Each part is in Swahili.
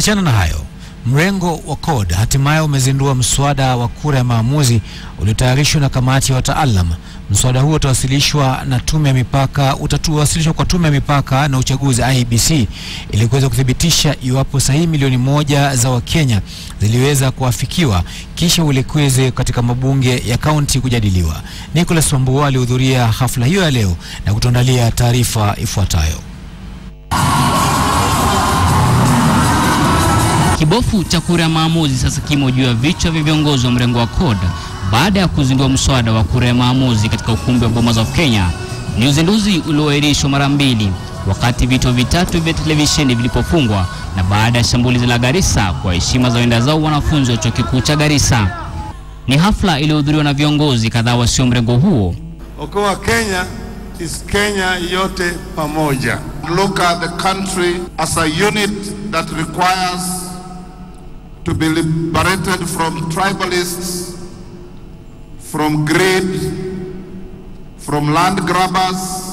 Ukiachana na hayo, mrengo wa CORD hatimaye umezindua mswada wa kura ya maamuzi uliotayarishwa na kamati ya wataalam. Mswada huo utawasilishwa na tume ya mipaka utawasilishwa kwa tume ya mipaka na uchaguzi IEBC ili kuweza kuthibitisha iwapo sahihi milioni moja za Wakenya ziliweza kuafikiwa kisha uelekezwe katika mabunge ya kaunti kujadiliwa. Nicholas Wambua alihudhuria hafla hiyo ya leo na kutuandalia taarifa ifuatayo. Kibofu cha kura ya maamuzi sasa kimo juu ya vichwa vya viongozi wa mrengo wa CORD baada ya kuzindua mswada wa kura ya maamuzi katika ukumbi wa Bomas of Kenya. Ni uzinduzi ulioahirishwa mara mbili wakati vituo vitatu vya televisheni vilipofungwa na baada ya shambulizi la Garissa kwa heshima za wenda zao wanafunzi wa chuo kikuu cha Garissa. Ni hafla iliyohudhuriwa na viongozi kadhaa wasio mrengo huo. Okoa Kenya is Kenya yote pamoja. Look at the country as a unit that requires to be liberated from tribalists, from greed, from land grabbers.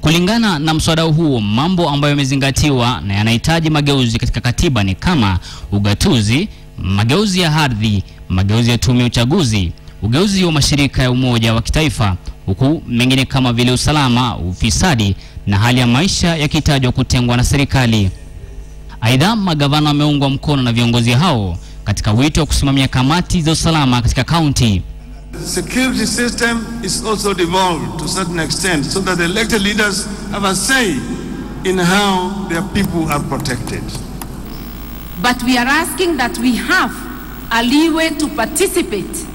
Kulingana na mswada huo, mambo ambayo yamezingatiwa na yanahitaji mageuzi katika katiba ni kama ugatuzi, mageuzi ya ardhi, mageuzi ya tume ya uchaguzi, ugeuzi wa mashirika ya umoja wa kitaifa, huku mengine kama vile usalama, ufisadi na hali ya maisha yakitajwa kutengwa na serikali. Aidha, magavana wameungwa mkono na viongozi hao katika wito wa kusimamia kamati za usalama katika kaunti. security system is also devolved to certain extent so that the elected leaders have a say in how their people are protected. But we are asking that we have a leeway to participate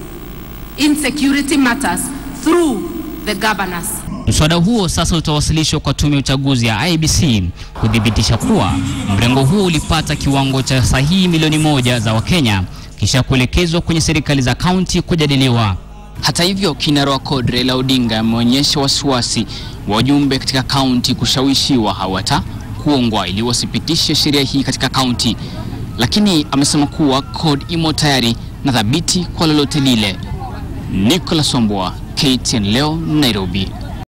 in security matters through the governors. Mswada huo sasa utawasilishwa kwa tume ya uchaguzi ya IBC kuthibitisha kuwa mrengo huo ulipata kiwango cha sahihi milioni moja za Wakenya kisha kuelekezwa kwenye serikali za kaunti kujadiliwa. Hata hivyo, kinara wa CORD Raila Odinga ameonyesha wasiwasi wajumbe katika kaunti kushawishiwa hawata kuongwa ili wasipitishe sheria hii katika kaunti, lakini amesema kuwa CORD imo tayari na thabiti kwa lolote lile. Nicholas Omboa, Keith Leo, Nairobi.